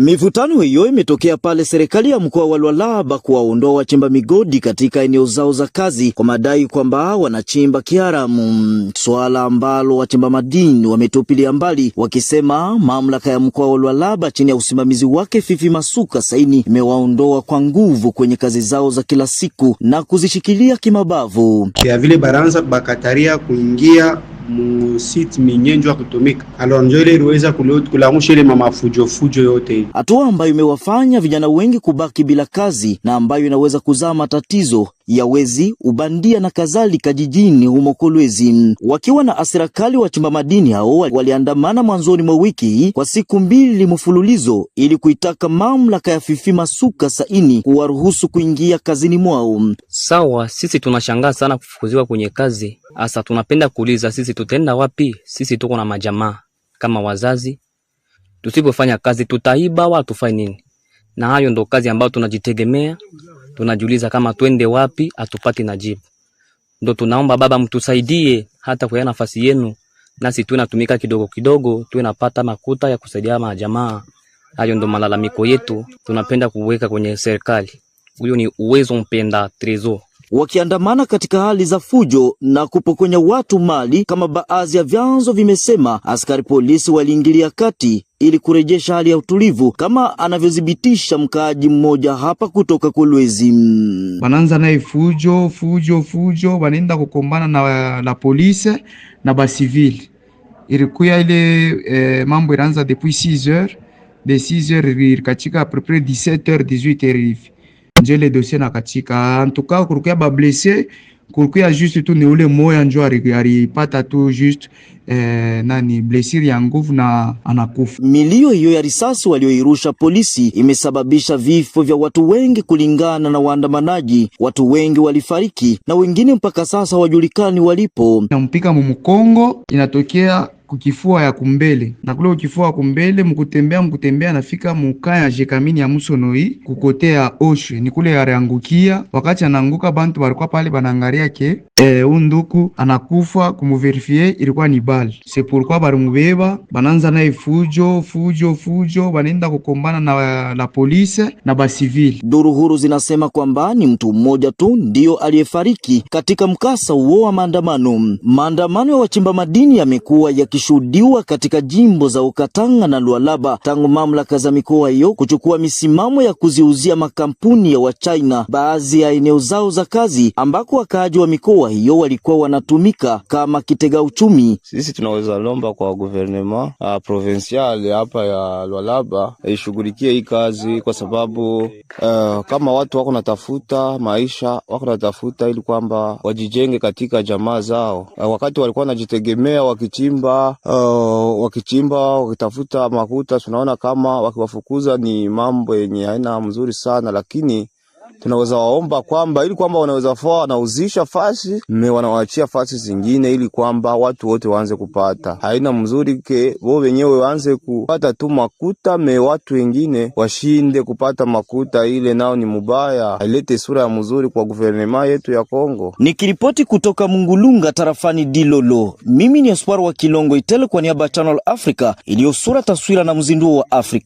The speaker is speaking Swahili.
Mivutano hiyo imetokea pale serikali ya mkoa wa Lualaba kuwaondoa wachimba migodi katika eneo zao za kazi kwa madai kwamba wanachimba kiharamu, suala ambalo wachimba madini wametupilia mbali wakisema mamlaka ya mkoa wa Lualaba chini ya usimamizi wake Fifi Masuka Saini imewaondoa kwa nguvu kwenye kazi zao za kila siku na kuzishikilia kimabavu. Vile baranza bakataria kuingia musiti minyenjwa kutumika alors njo ile iliweza kulangusha ile mamafujofujo yote, hatua ambayo imewafanya vijana wengi kubaki bila kazi na ambayo inaweza kuzaa matatizo ya wezi, ubandia na kadhalika jijini humo Kolwezi. Wakiwa na asira kali, wachimba madini hao waliandamana mwanzoni mwa wiki kwa siku mbili mfululizo ili kuitaka mamlaka ya Fifi Masuka Saini kuwaruhusu kuingia kazini mwao. Sawa, sisi tunashangaa sana kufukuziwa kwenye kazi. Asa tunapenda kuuliza sisi tutenda wapi? Sisi tuko na majamaa kama wazazi, tusipofanya kazi tutaiba watu fanye nini? Na hayo ndo kazi ambayo tunajitegemea tunajiuliza kama twende wapi, hatupati na jibu. Ndo tunaomba Baba mtusaidie hata kwa nafasi yenu, nasi natumika kidogo kidogo, napata makuta ya kusaidia majamaa. Hayo ndo malalamiko yetu, tunapenda kuweka kwenye serikali. Huyo ni uwezo mpenda trezor wakiandamana katika hali za fujo na kupokonya watu mali, kama baadhi ya vyanzo vimesema. Askari polisi waliingilia kati ili kurejesha hali ya utulivu, kama anavyothibitisha mkaaji mmoja hapa kutoka Kolwezi. Wananza naye fujo fujo fujo, wanaenda kukombana na, la polisi na basivili. Ilikuya ile eh, mambo ilianza depuis 6 h de 6 h katika apropres 17 h 18 h hivi njo ile dosie cas antuka kulikuya bablesse kulikuya juste tu ni ule moya njo alipata tu juste eh, nani blessure ya nguvu na anakufa. Milio hiyo ya risasi walioirusha polisi imesababisha vifo vya watu wengi kulingana na waandamanaji. Watu wengi walifariki na wengine mpaka sasa wajulikani walipo. Nampika mumukongo inatokea kukifua ya kumbele na kule kukifua ya kumbele, mukutembea mukutembea, nafika ya jekamini ya musonoi kukotea oshwe ni kule yariangukia. Wakati ananguka bantu barikuwa pale banangaria ke e, eh, unduku anakufa, kumuverifie ilikuwa ni bali sepurukwa, barimubeba bananza naye fujo fujo fujo, banaenda kukombana na, na polise na basivili. Duru huru zinasema kwamba ni mtu mmoja tu ndiyo aliyefariki katika mkasa huo wa maandamano. Maandamano ya wachimba madini yamekuwa yaki yakishuhudiwa katika jimbo za ukatanga na Lualaba tangu mamlaka za mikoa hiyo kuchukua misimamo ya kuziuzia makampuni ya Wachina baadhi ya eneo zao za kazi ambako wakaaji wa mikoa hiyo walikuwa wanatumika kama kitega uchumi. Sisi tunaweza lomba kwa guvernema uh, provincial hapa ya Lualaba ishughulikie hii kazi kwa sababu uh, kama watu wako natafuta maisha wako natafuta ili kwamba wajijenge katika jamaa zao. Uh, wakati walikuwa wanajitegemea wakichimba wakichimba uh, eh, wakichimba wakitafuta makuta, tunaona kama wakiwafukuza ni mambo yenye haina mzuri sana, lakini tunaweza waomba kwamba ili kwamba wanaweza faa wanauzisha fasi mme wanawachia fasi zingine, ili kwamba watu wote waanze kupata. Haina mzuri ke wao wenyewe waanze kupata tu makuta me watu wengine washinde kupata makuta, ile nao ni mubaya, hailete sura ya mzuri kwa guvernema yetu ya Kongo. Nikiripoti kutoka Mungulunga tarafani Dilolo, mimi ni Oswar wa Kilongo Itele kwa niaba ya Channel Africa sura taswira na mzinduo wa Afrika.